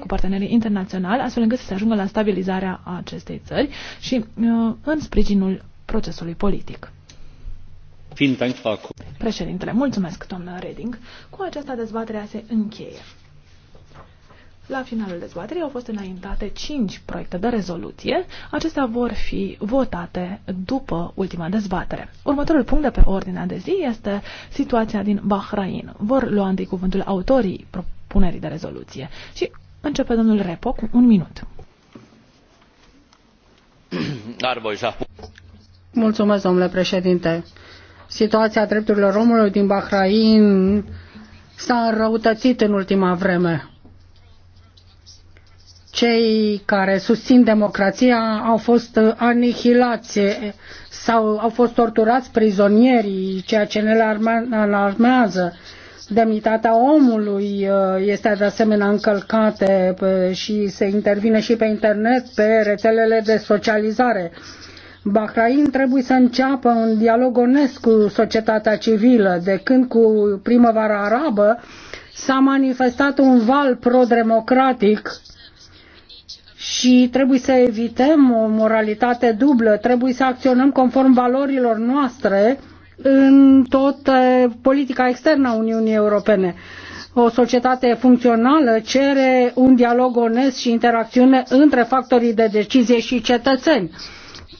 cu partenerii internaționali, astfel încât să se ajungă la stabilizarea acestei țări și uh, în sprijinul procesului politic. Președintele, mulțumesc, doamnă Reding. Cu această dezbatere se încheie. La finalul dezbaterii au fost înaintate cinci proiecte de rezoluție. Acestea vor fi votate după ultima dezbatere. Următorul punct de pe ordinea de zi este situația din Bahrain. Vor lua întâi cuvântul autorii propunerii de rezoluție. Și începe domnul Repo cu un minut. Mulțumesc, domnule președinte. Situația drepturilor omului din Bahrain s-a înrăutățit în ultima vreme. Cei care susțin democrația au fost anihilați sau au fost torturați prizonierii, ceea ce ne alarmează. Demnitatea omului uh, este de asemenea încălcată uh, și se intervine și pe internet, pe rețelele de socializare. Bahrain trebuie să înceapă un dialog onest cu societatea civilă. De când cu primăvara arabă s-a manifestat un val pro-democratic și trebuie să evităm o moralitate dublă, trebuie să acționăm conform valorilor noastre în tot politica externă a Uniunii Europene. O societate funcțională cere un dialog onest și interacțiune între factorii de decizie și cetățeni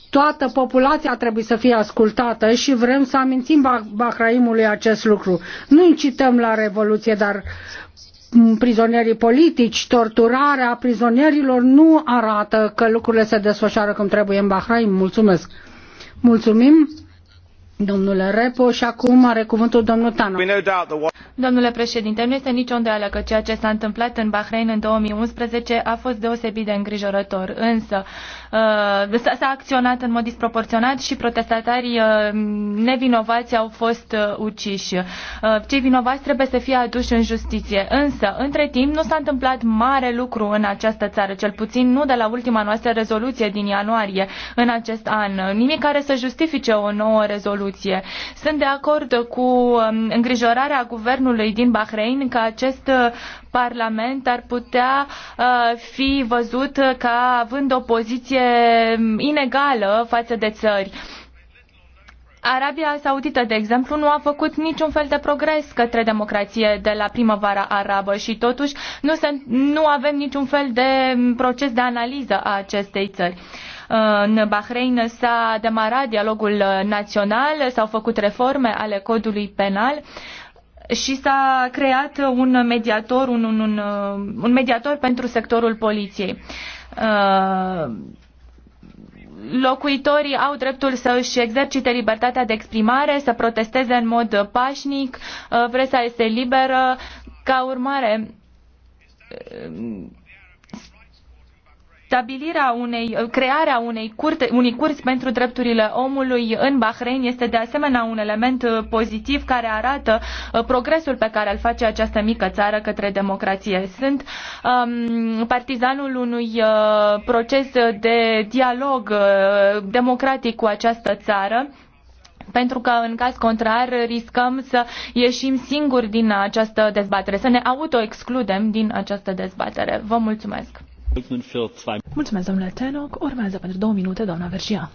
toată populația trebuie să fie ascultată și vrem să amințim Bahraimului acest lucru. Nu incităm la revoluție, dar prizonierii politici, torturarea prizonierilor nu arată că lucrurile se desfășoară cum trebuie în Bahrain. Mulțumesc! Mulțumim! Domnule Repo și acum are cuvântul domnul Tano. Domnule președinte, nu este nicio îndoială că ceea ce s-a întâmplat în Bahrain în 2011 a fost deosebit de îngrijorător, însă uh, s-a acționat în mod disproporționat și protestatarii uh, nevinovați au fost uh, uciși. Cei vinovați trebuie să fie aduși în justiție, însă între timp nu s-a întâmplat mare lucru în această țară, cel puțin nu de la ultima noastră rezoluție din ianuarie în acest an. Nimic care să justifice o nouă rezoluție soluție. Sunt de acord cu um, îngrijorarea guvernului din Bahrain că acest uh, Parlament ar putea uh, fi văzut ca având o poziție um, inegală față de țări. Arabia Saudită, de exemplu, nu a făcut niciun fel de progres către democrație de la primăvara arabă și totuși nu, se, nu avem niciun fel de um, proces de analiză a acestei țări. În Bahrain s-a demarat dialogul național, s-au făcut reforme ale codului penal și s-a creat un mediator, un, un, un, un mediator pentru sectorul poliției. Uh, locuitorii au dreptul să își exercite libertatea de exprimare, să protesteze în mod pașnic, uh, presa este liberă. Ca urmare, Stabilirea unei, crearea unei curte, unui curs pentru drepturile omului în Bahrain este de asemenea un element uh, pozitiv care arată uh, progresul pe care îl face această mică țară către democrație. Sunt um, partizanul unui uh, proces de dialog uh, democratic cu această țară pentru că în caz contrar riscăm să ieșim singuri din această dezbatere, să ne autoexcludem din această dezbatere. Vă mulțumesc! Mulțumesc, domnule Tenoc. Urmează pentru două minute, doamna Vergia.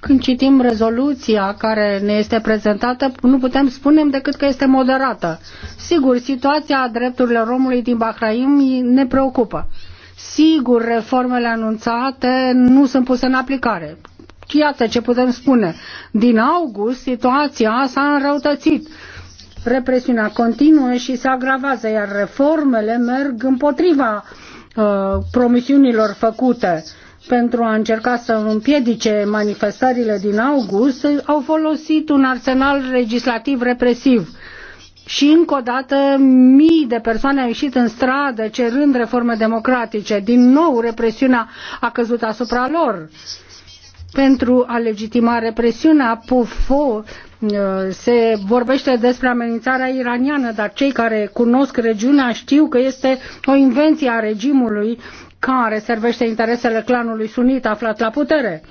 Când citim rezoluția care ne este prezentată, nu putem spune decât că este moderată. Sigur, situația drepturilor omului din Bahrain ne preocupă. Sigur, reformele anunțate nu sunt puse în aplicare. Iată ce putem spune. Din august, situația s-a înrăutățit represiunea continuă și se agravează, iar reformele merg împotriva uh, promisiunilor făcute pentru a încerca să împiedice manifestările din august, au folosit un arsenal legislativ represiv. Și încă o dată mii de persoane au ieșit în stradă cerând reforme democratice. Din nou represiunea a căzut asupra lor pentru a legitima represiunea, Eh, se vorbește despre amenințarea iraniană, dar cei care cunosc regiunea știu că este o invenție a regimului care servește interesele clanului sunit aflat la putere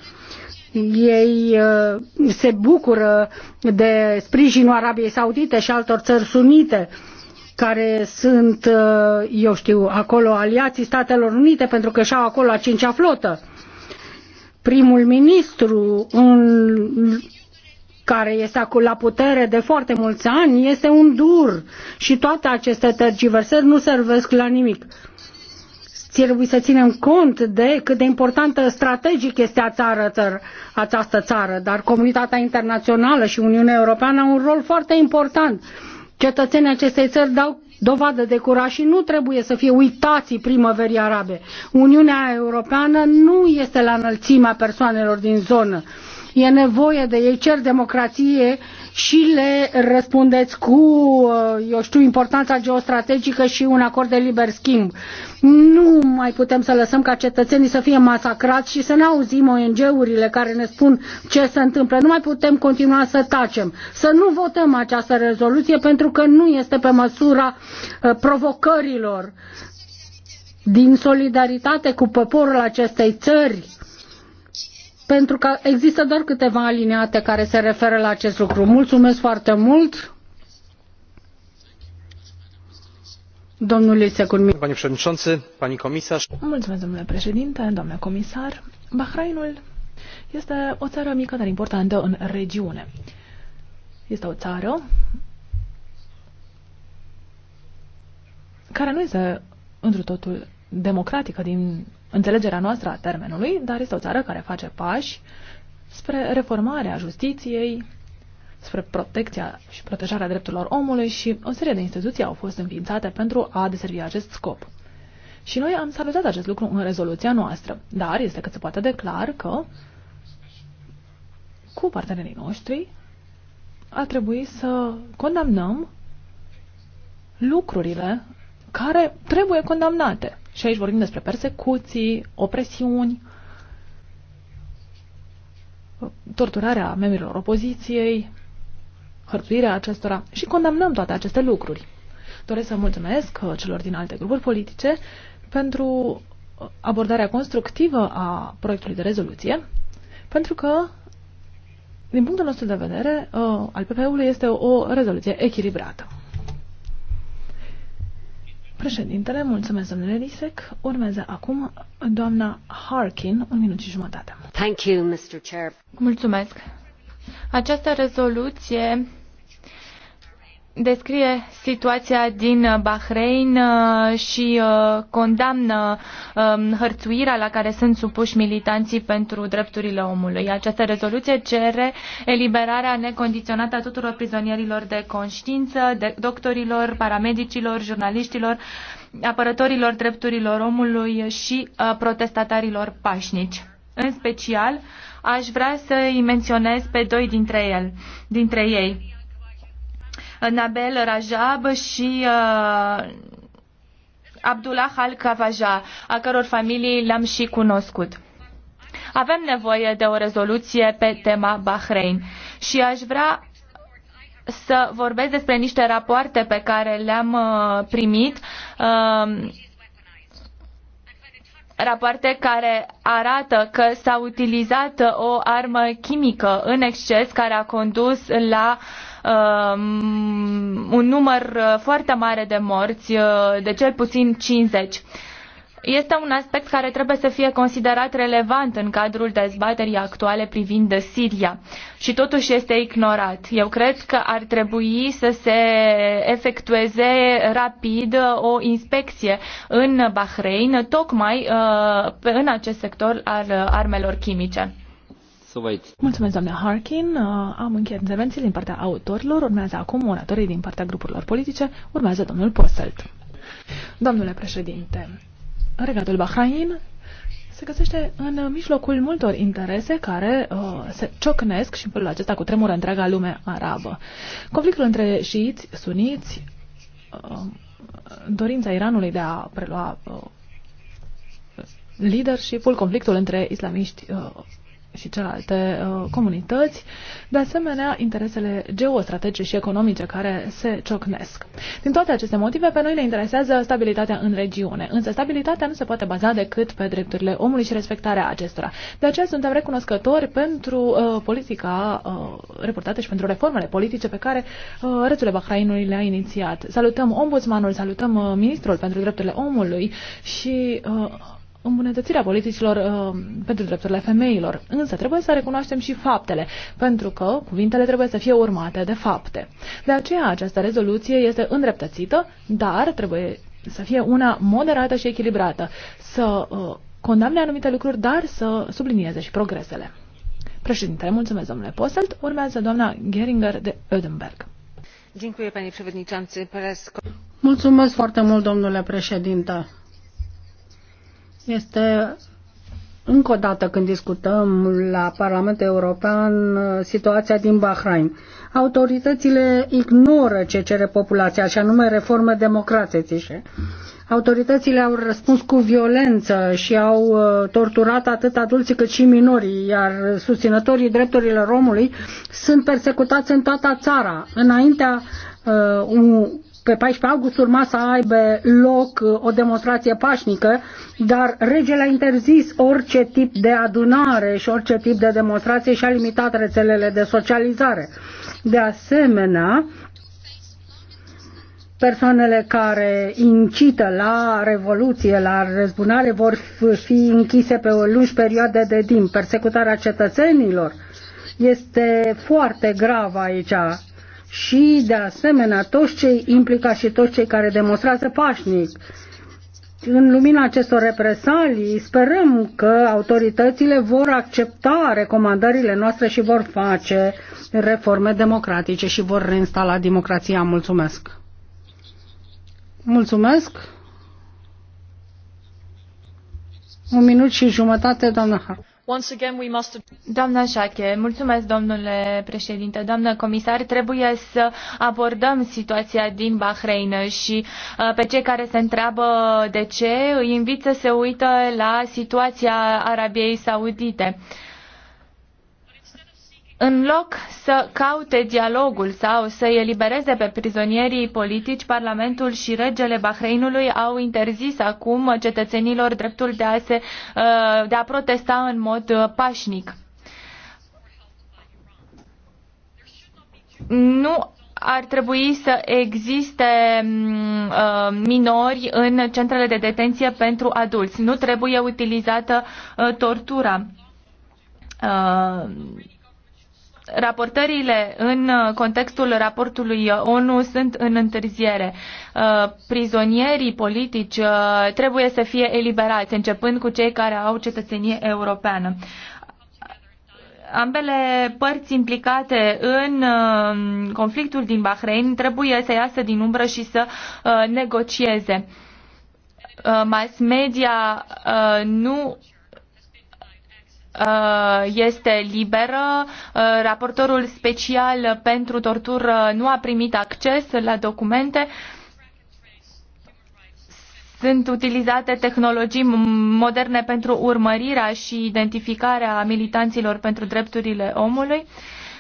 ei eh, se bucură de sprijinul Arabiei Saudite și altor țări sunite care sunt, eh, eu știu, acolo aliații Statelor Unite pentru că și-au acolo a cincea flotă. Primul ministru în care este acum la putere de foarte mulți ani, este un dur și toate aceste tergiversări nu servesc la nimic trebuie să ținem cont de cât de importantă strategic este a țară, țară, această țară, dar comunitatea internațională și Uniunea Europeană au un rol foarte important. Cetățenii acestei țări dau dovadă de curaj și nu trebuie să fie uitați primăverii arabe. Uniunea Europeană nu este la înălțimea persoanelor din zonă e nevoie de ei, cer democrație și le răspundeți cu, uh, eu știu, importanța geostrategică și un acord de liber schimb. Nu mai putem să lăsăm ca cetățenii să fie masacrați și să ne auzim ONG-urile care ne spun ce se întâmplă. Nu mai putem continua să tacem, să nu votăm această rezoluție pentru că nu este pe măsura uh, provocărilor din solidaritate cu poporul acestei țări pentru că există doar câteva aliniate care se referă la acest lucru. Mulțumesc foarte mult! Domnule președinte, pani comisar. Mulțumesc, domnule președinte, domnule comisar. Bahrainul este o țară mică, dar importantă în regiune. Este o țară care nu este întru totul democratică din înțelegerea noastră a termenului, dar este o țară care face pași spre reformarea justiției, spre protecția și protejarea drepturilor omului și o serie de instituții au fost înființate pentru a deservi acest scop. Și noi am salutat acest lucru în rezoluția noastră, dar este cât se poate de clar că cu partenerii noștri ar trebui să condamnăm lucrurile care trebuie condamnate. Și aici vorbim despre persecuții, opresiuni, torturarea membrilor opoziției, hărțuirea acestora și condamnăm toate aceste lucruri. Doresc să mulțumesc uh, celor din alte grupuri politice pentru uh, abordarea constructivă a proiectului de rezoluție, pentru că, din punctul nostru de vedere, uh, al PP-ului este o rezoluție echilibrată. Președintele, mulțumesc, domnule Risek. Urmează acum doamna Harkin, un minut și jumătate. Thank you, Mr. Chair. Mulțumesc. Această rezoluție descrie situația din uh, Bahrein uh, și uh, condamnă um, hărțuirea la care sunt supuși militanții pentru drepturile omului. Această rezoluție cere eliberarea necondiționată a tuturor prizonierilor de conștiință, de doctorilor, paramedicilor, jurnaliștilor, apărătorilor drepturilor omului și protestatarilor pașnici. În special, aș vrea să i menționez pe doi dintre, el, dintre ei Nabel Rajab și uh, Abdullah Al-Kavaja, a căror familii le-am și cunoscut. Avem nevoie de o rezoluție pe tema Bahrain și aș vrea să vorbesc despre niște rapoarte pe care le-am uh, primit, um, rapoarte care arată că s-a utilizat o armă chimică în exces care a condus la uh, Um, un număr uh, foarte mare de morți, uh, de cel puțin 50. Este un aspect care trebuie să fie considerat relevant în cadrul dezbaterii actuale privind de Siria și totuși este ignorat. Eu cred că ar trebui să se efectueze rapid uh, o inspecție în Bahrein, tocmai în acest sector al armelor chimice soweit. Mulțumesc, doamne Harkin. Uh, am încheiat intervenții din partea autorilor. Urmează acum oratorii din partea grupurilor politice. Urmează domnul Poselt. Domnule președinte, regatul Bahrain se găsește în mijlocul multor interese care uh, se ciocnesc și în felul acesta cu tremură întreaga lume arabă. Conflictul între șiiți, suniți, uh, dorința Iranului de a prelua uh, leadership-ul, conflictul între islamiști uh, și celelalte uh, comunități, de asemenea interesele geostrategice și economice care se ciocnesc. Din toate aceste motive, pe noi ne interesează stabilitatea în regiune, însă stabilitatea nu se poate baza decât pe drepturile omului și respectarea acestora. De aceea suntem recunoscători pentru uh, politica uh, reportată și pentru reformele politice pe care uh, rețele Bahrainului le-a inițiat. Salutăm ombudsmanul, salutăm ministrul pentru drepturile omului și uh, îmbunătățirea politicilor uh, pentru drepturile femeilor. Însă trebuie să recunoaștem și faptele, pentru că cuvintele trebuie să fie urmate de fapte. De aceea această rezoluție este îndreptățită, dar trebuie să fie una moderată și echilibrată, să uh, condamne anumite lucruri, dar să sublinieze și progresele. Președintele, mulțumesc domnule Poselt. urmează doamna Geringer de Ödenberg. Mulțumesc foarte mult, domnule președinte este încă o dată când discutăm la Parlamentul European uh, situația din Bahrain. Autoritățile ignoră ce cere populația, și anume reforme democratice. Autoritățile au răspuns cu violență și au uh, torturat atât adulții cât și minorii, iar susținătorii drepturilor omului sunt persecutați în toată țara. Înaintea uh, pe 14 august urma să aibă loc uh, o demonstrație pașnică, dar regele a interzis orice tip de adunare și orice tip de demonstrație și a limitat rețelele de socializare. De asemenea, persoanele care incită la revoluție, la răzbunare, vor fi închise pe o lungi perioadă de timp. Persecutarea cetățenilor este foarte gravă aici și, de asemenea, toți cei implicați și toți cei care demonstrează pașnic. În lumina acestor represalii, sperăm că autoritățile vor accepta recomandările noastre și vor face reforme democratice și vor reinstala democrația. Mulțumesc! Mulțumesc! Un minut și jumătate, doamna Hart. Once Doamna Șache, mulțumesc, domnule președinte, doamnă comisar. Trebuie să abordăm situația din Bahrain și uh, pe cei care se întreabă de ce, îi invit să se uită la situația Arabiei Saudite. Uh, în loc să caute dialogul sau să îi elibereze pe prizonierii politici, Parlamentul și regele Bahreinului au interzis acum cetățenilor dreptul de a, se, uh, de a protesta în mod uh, pașnic. Nu ar trebui să existe mm, uh, minori în centrele de detenție pentru adulți. Nu trebuie utilizată tortura raportările în uh, contextul raportului uh, ONU sunt în întârziere. Uh, prizonierii politici trebuie să fie eliberați, începând cu cei care au cetățenie europeană. Ambele părți implicate în conflictul din Bahrain trebuie să iasă din umbră și să negocieze. Mass media nu Uh, este liberă. Uh, raportorul special pentru tortură nu a primit acces la documente. Sunt utilizate tehnologii moderne pentru urmărirea și identificarea militanților pentru drepturile omului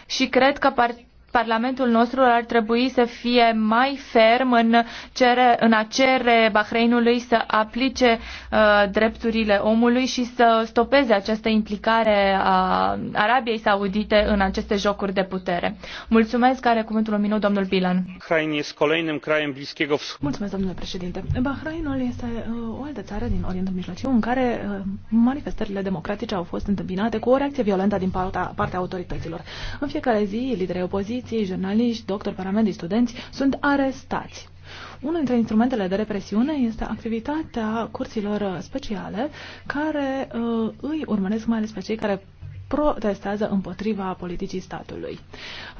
și cred că part- Parlamentul nostru ar trebui să fie mai ferm în, cere, în a cere Bahreinului să aplice uh, drepturile omului și să stopeze această implicare a Arabiei Saudite în aceste jocuri de putere. Mulțumesc, are cuvântul un minut, domnul Bilan. Mulțumesc, domnule președinte. Bahrainul este uh, o altă țară din Orientul Mijlociu în care uh, manifestările democratice au fost întâmpinate cu o reacție violentă din partea, partea autorităților. În fiecare zi, liderii opoziției opoziției, jurnaliști, doctori, paramedici, studenți sunt arestați. Unul dintre instrumentele de represiune este activitatea curților speciale care uh, îi urmăresc mai ales pe cei care protestează împotriva politicii statului.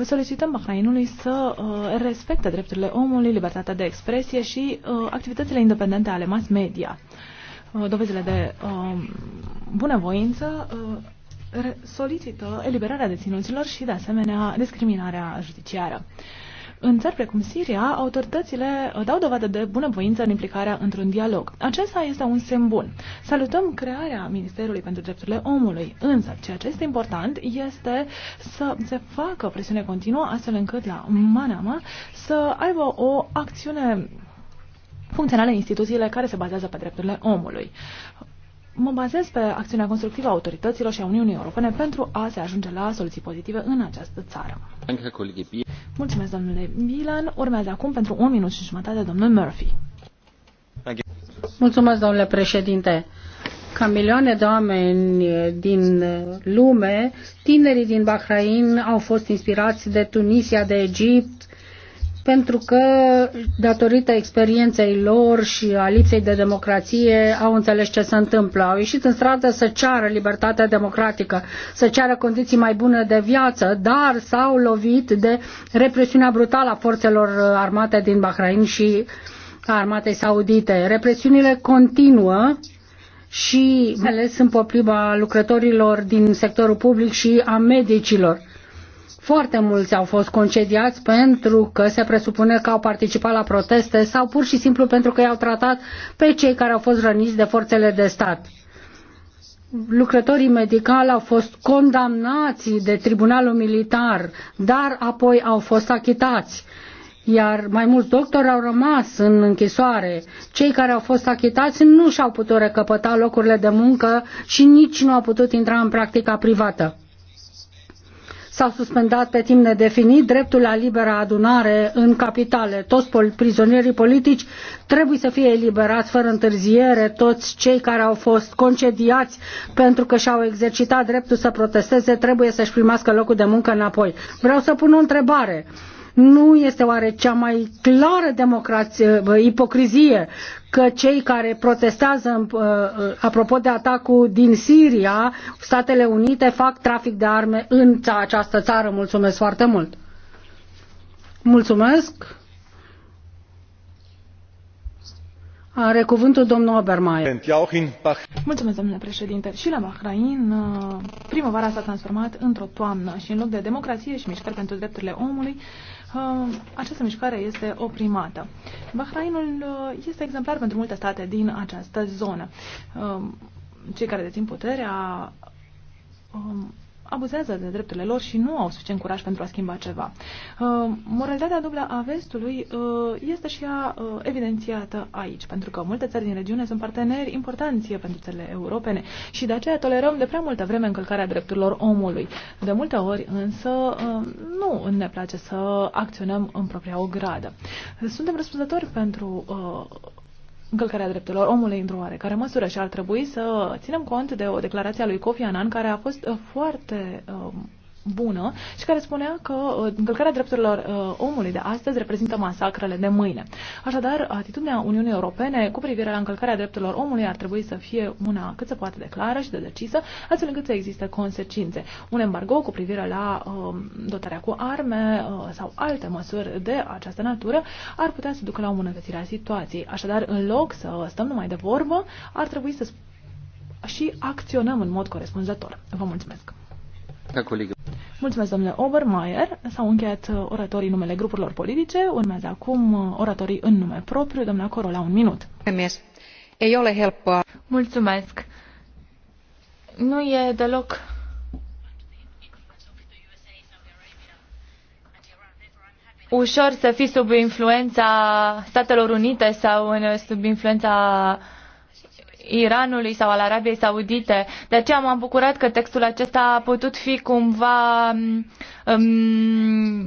Solicităm Bahrainului să uh, respecte drepturile omului, libertatea de expresie și uh, activitățile independente ale mass media. Uh, dovezile de uh, bunăvoință uh, solicită eliberarea deținuților și, de asemenea, discriminarea judiciară. În țări precum Siria, autoritățile uh, dau dovadă de bunăvoință în implicarea într-un dialog. Acesta este un semn bun. Salutăm crearea Ministerului pentru Drepturile Omului, însă ceea ce este important este să se facă presiune continuă astfel încât la Manama să aibă o acțiune funcționale instituțiile care se bazează pe drepturile omului mă bazez pe acțiunea constructivă a autorităților și a Uniunii Europene pentru a se ajunge la soluții pozitive în această țară. Mulțumesc, domnule Milan. Urmează acum pentru un minut și jumătate domnul Murphy. Mulțumesc, domnule președinte. Ca milioane de oameni din lume, tinerii din Bahrain au fost inspirați de Tunisia, de Egipt, pentru că, datorită experienței lor și a lipsei de democrație, au înțeles ce se întâmplă. Au ieșit în stradă să ceară libertatea democratică, să ceară condiții mai bune de viață, dar s-au lovit de represiunea brutală a forțelor uh, armate din Bahrain și a armatei saudite. Represiunile continuă și mai ales împotriva lucrătorilor din sectorul public și a medicilor foarte mulți au fost concediați pentru că se presupune că au participat la proteste sau pur și simplu pentru că i-au tratat pe cei care au fost răniți de forțele de stat. Lucrătorii medicali au fost condamnați de tribunalul militar, dar apoi au fost achitați iar mai mulți doctori au rămas în închisoare. Cei care au fost achitați nu și-au putut recăpăta locurile de muncă și nici nu au putut intra în practica privată s-au suspendat pe timp nedefinit dreptul la liberă adunare în capitale. Toți prizonierii politici trebuie să fie eliberați fără întârziere, toți cei care au fost concediați pentru că și-au exercitat dreptul să protesteze trebuie să-și primească locul de muncă înapoi. Vreau să pun o întrebare. Nu este oare cea mai clară democrație, ipocrizie că cei care protestează ă, apropo de atacul din Siria, Statele Unite fac trafic de arme în această țară? Mulțumesc foarte mult! Mulțumesc! Mulțumesc, domnule președinte. Și la Bahrain, uh, primăvara s-a transformat într-o toamnă și în loc de democrație și mișcare pentru drepturile omului, uh, această mișcare este oprimată. Bahrainul uh, este exemplar pentru multe state din această zonă. Cei care dețin puterea abuzează de drepturile lor și nu au suficient curaj pentru a schimba ceva. Uh, moralitatea dublă a vestului uh, este și ea uh, evidențiată aici, pentru că multe țări din regiune sunt parteneri importanți pentru țările europene și de aceea tolerăm de prea multă vreme încălcarea drepturilor omului. De multe ori însă nu ne place să acționăm în propria gradă. Suntem răspunzători pentru încălcarea drepturilor omului într-o oarecare măsură și ar trebui să ținem cont de o declarație a lui Kofi Annan care a fost uh, foarte um, bună și care spunea că uh, încălcarea drepturilor uh, omului de astăzi reprezintă masacrele de mâine. Așadar, atitudinea Uniunii Europene cu privire la încălcarea drepturilor omului ar trebui să fie una cât se poate de clară și de decisă, astfel încât să existe consecințe. Un embargo cu privire la um, dotarea cu arme uh, sau alte măsuri de această natură ar putea să ducă la o îmbunătățire a situației. Așadar, în loc să stăm numai de vorbă, ar trebui să și acționăm în mod corespunzător. Vă mulțumesc! Da, colegă. Mulțumesc, domnule Obermeier. S-au încheiat uh, oratorii numele grupurilor politice. Urmează acum uh, oratorii în nume propriu. Doamna Corola, un minut. Ei Mulțumesc. Nu e deloc ușor să fii sub influența Statelor Unite sau sub influența Iranului sau al Arabiei Saudite. De aceea m-am bucurat că textul acesta a putut fi cumva um,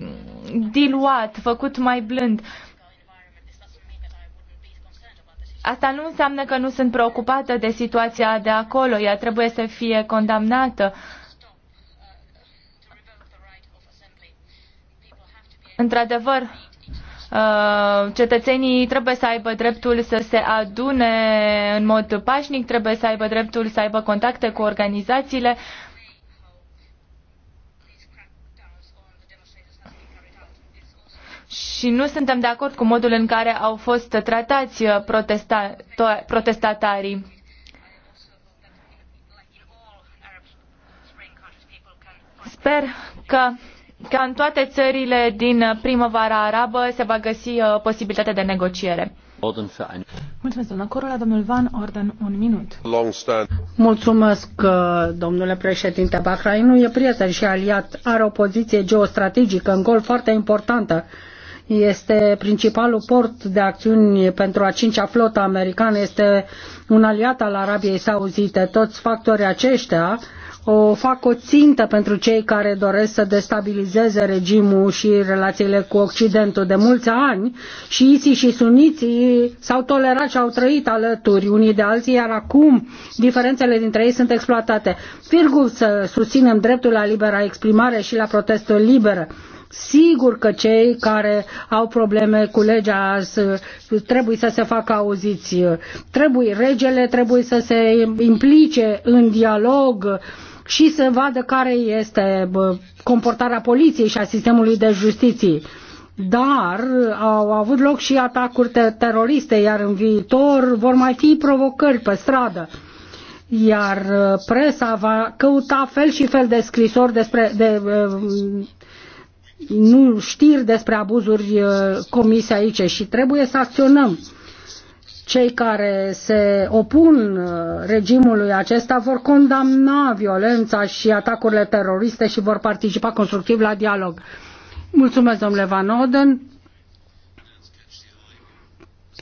diluat, făcut mai blând. Asta nu înseamnă că nu sunt preocupată de situația de acolo. Ea trebuie să fie condamnată. Într-adevăr, Uh, cetățenii trebuie să aibă dreptul să se adune în mod pașnic, trebuie să aibă dreptul să aibă contacte cu organizațiile. Și nu suntem de acord cu modul în care au fost tratați uh, protesta protestatarii. Sper că ca în toate țările din primăvara arabă se va găsi uh, posibilitatea de negociere. Mulțumesc, doamna Corola. Domnul Van Orden, un minut. Mulțumesc, uh, domnule președinte. Bahrainul e prieten și aliat. Are o poziție geostrategică în gol foarte importantă. Este principalul port de acțiuni pentru a cincea flotă americană. Este un aliat al Arabiei Saudite. Toți factorii aceștia o fac o țintă pentru cei care doresc să destabilizeze regimul și relațiile cu Occidentul de mulți ani și isii și suniții s-au tolerat și au trăit alături unii de alții, iar acum diferențele dintre ei sunt exploatate. Virgul să susținem dreptul la libera exprimare și la protestul liber. Sigur că cei care au probleme cu legea trebuie să se facă auziți. Trebuie regele, trebuie să se implice în dialog și să vadă care este comportarea poliției și a sistemului de justiție. Dar au avut loc și atacuri teroriste, iar în viitor vor mai fi provocări pe stradă iar uh, presa va căuta fel și fel de scrisori despre de, uh, nu știri despre abuzuri uh, comise aici și trebuie să acționăm cei care se opun uh, regimului acesta vor condamna violența și atacurile teroriste și vor participa constructiv la dialog. Mulțumesc, domnule Van Oden.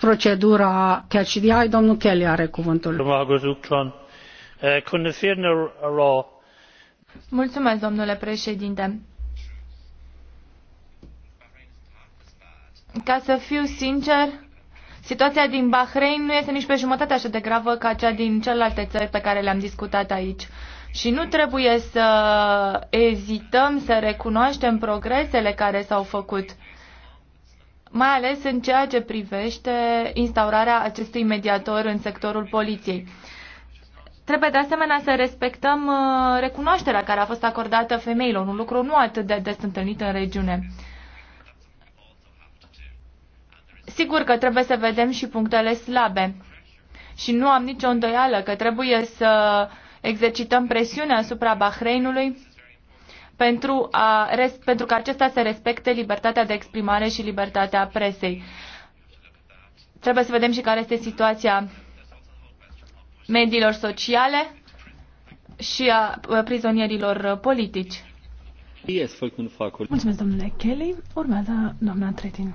Procedura catch the eye, domnul Kelly are cuvântul. Mulțumesc, domnule președinte. Ca să fiu sincer, Situația din Bahrain nu este nici pe jumătate așa de gravă ca cea din celelalte țări pe care le-am discutat aici. Și nu trebuie să ezităm să recunoaștem progresele care s-au făcut, mai ales în ceea ce privește instaurarea acestui mediator în sectorul poliției. Trebuie de asemenea să respectăm uh, recunoașterea care a fost acordată femeilor, un lucru nu atât de des întâlnit în regiune. Sigur că trebuie să vedem și punctele slabe și nu am nicio îndoială că trebuie să exercităm presiunea asupra Bahreinului pentru, a, pentru că acesta să respecte libertatea de exprimare și libertatea presei. Trebuie să vedem și care este situația mediilor sociale și a prizonierilor politici. Mulțumesc, domnule Kelly. Urmează doamna Tretin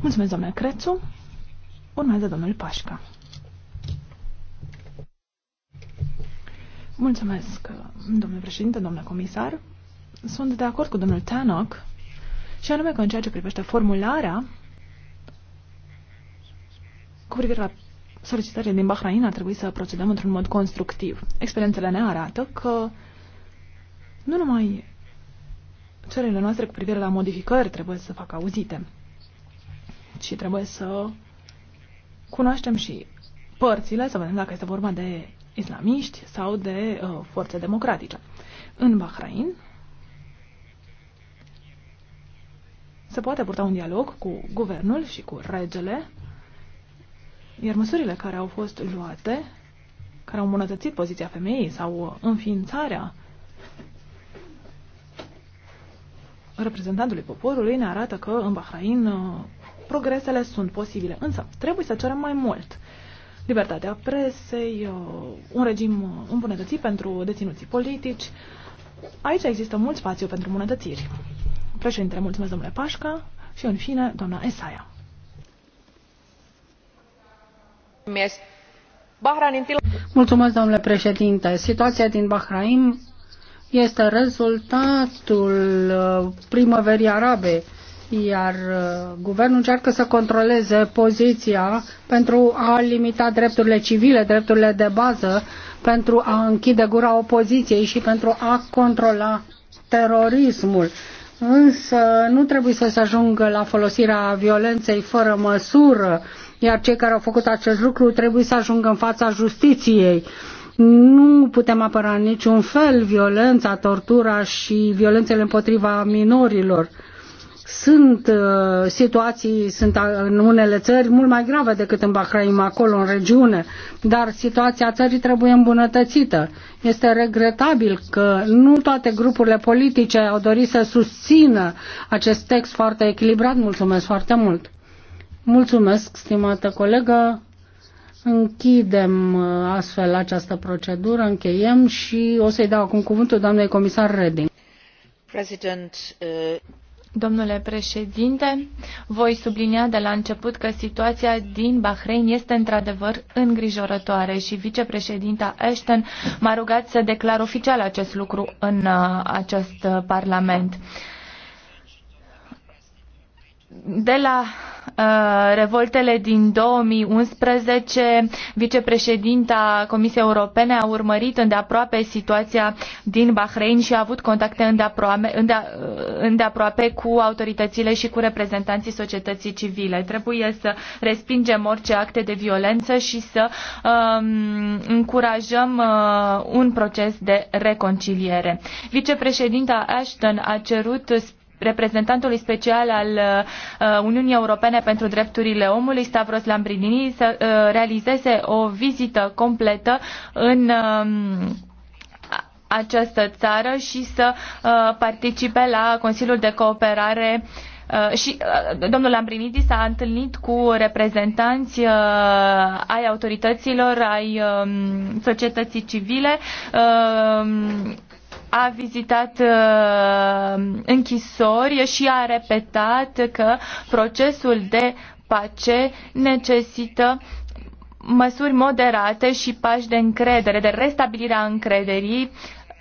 Mulțumesc, doamna Crețu. Urmează domnul Pașca. Mulțumesc, domnule președinte, domnule comisar. Sunt de acord cu domnul Tanok și anume că în ceea ce privește formularea cu privire la solicitările din Bahrain ar trebui să procedăm într-un mod constructiv. Experiențele ne arată că nu numai cererile noastre cu privire la modificări trebuie să facă auzite și trebuie să cunoaștem și părțile, să vedem dacă este vorba de islamiști sau de uh, forțe democratice. În Bahrain se poate purta un dialog cu guvernul și cu regele, iar măsurile care au fost luate, care au îmbunătățit poziția femeii sau uh, înființarea reprezentantului poporului ne arată că în Bahrain uh, progresele sunt posibile, însă trebuie să cerem mai mult. Libertatea presei, uh, un regim uh, îmbunătățit pentru deținuții politici. Aici există mult spațiu pentru îmbunătățiri. Președintele, mulțumesc domnule Pașca și în fine doamna Esaia. Mulțumesc, domnule președinte. Situația din Bahrain este rezultatul uh, primăverii arabe, iar uh, guvernul încearcă să controleze poziția pentru a limita drepturile civile, drepturile de bază, pentru a închide gura opoziției și pentru a controla terorismul. Însă nu trebuie să se ajungă la folosirea violenței fără măsură, iar cei care au făcut acest lucru trebuie să ajungă în fața justiției nu putem apăra în niciun fel violența, tortura și violențele împotriva minorilor. Sunt uh, situații, sunt în unele țări mult mai grave decât în Bahrain, acolo, în regiune, dar situația țării trebuie îmbunătățită. Este regretabil că nu toate grupurile politice au dorit să susțină acest text foarte echilibrat. Mulțumesc foarte mult! Mulțumesc, stimată colegă! Închidem uh, astfel această procedură, încheiem și o să-i dau acum cuvântul doamnei comisar Reding. President, uh... Domnule președinte, voi sublinia de la început că situația din Bahrain este într-adevăr îngrijorătoare și vicepreședinta Ashton m-a rugat să declar oficial acest lucru în uh, acest uh, Parlament de la uh, revoltele din 2011, vicepreședinta Comisiei Europene a urmărit îndeaproape situația din Bahrain și a avut contacte îndeaproape, uh, îndeaproape cu autoritățile și cu reprezentanții societății civile. Trebuie să respingem orice acte de violență și să um, încurajăm uh, un proces de reconciliere. Vicepreședinta Ashton a cerut reprezentantului special al uh, Uniunii Europene pentru Drepturile Omului, Stavros Lambrinini, să uh, realizeze o vizită completă în um, această țară și să uh, participe la Consiliul de Cooperare și domnul Lambrinidi s-a întâlnit cu reprezentanți ai autorităților, ai um, societății civile um, a vizitat uh, închisori și a repetat că procesul de pace necesită măsuri moderate și pași de încredere, de restabilire a încrederii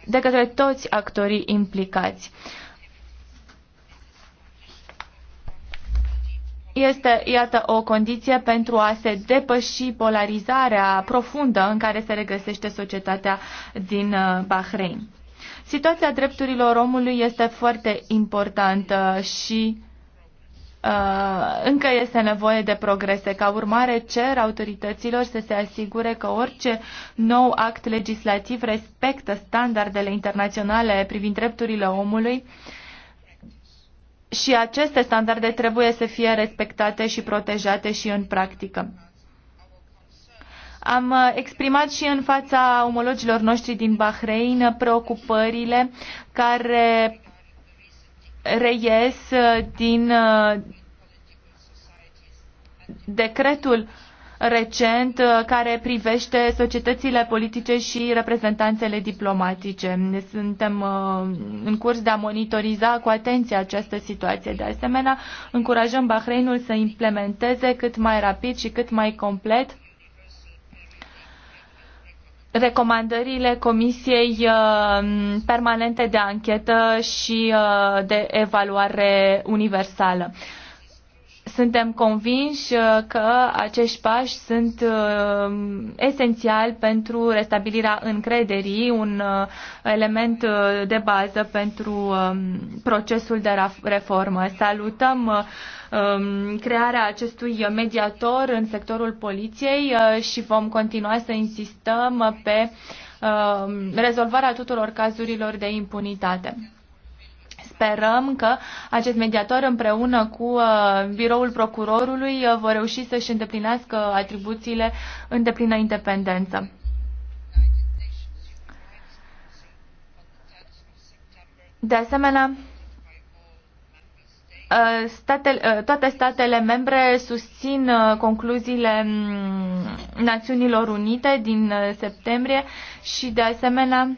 de către toți actorii implicați. Este, iată, o condiție pentru a se depăși polarizarea profundă în care se regăsește societatea din uh, Bahrain. Situația drepturilor omului este foarte importantă și uh, încă este nevoie de progrese. Ca urmare, cer autorităților să se asigure că orice nou act legislativ respectă standardele internaționale privind drepturile omului și aceste standarde trebuie să fie respectate și protejate și în practică. Am uh, exprimat și în fața omologilor noștri din Bahrein uh, preocupările care reies uh, din decretul recent care privește societățile politice și reprezentanțele diplomatice. Suntem în curs de a monitoriza cu atenție această situație. De asemenea, încurajăm Bahreinul să implementeze cât mai rapid și cât mai complet recomandările Comisiei uh, Permanente de Anchetă și uh, de Evaluare Universală. Suntem convinși uh, că acești pași sunt uh, esențiali pentru restabilirea încrederii, un uh, element de bază pentru um, procesul de reformă. Salutăm um, crearea acestui mediator în sectorul poliției și vom continua să insistăm pe um, rezolvarea tuturor cazurilor de impunitate sperăm că acest mediator împreună cu uh, biroul procurorului uh, vor reuși să-și îndeplinească atribuțiile în deplină independență. De asemenea, uh, statele, toate statele membre susțin concluziile mm, Națiunilor Unite din septembrie și, de asemenea,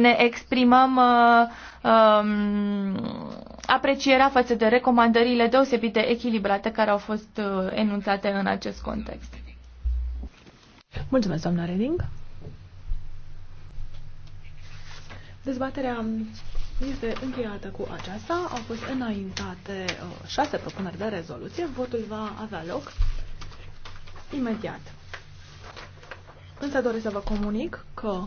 ne exprimăm uh, um, aprecierea față de recomandările deosebite echilibrate care au fost uh, enunțate în acest context. Mulțumesc, doamna Reding. Dezbaterea este încheiată cu aceasta. Au fost înaintate uh, șase propuneri de rezoluție. Votul va avea loc imediat. Însă doresc să vă comunic că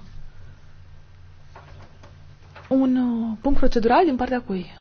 un uh, punct procedural din partea cui?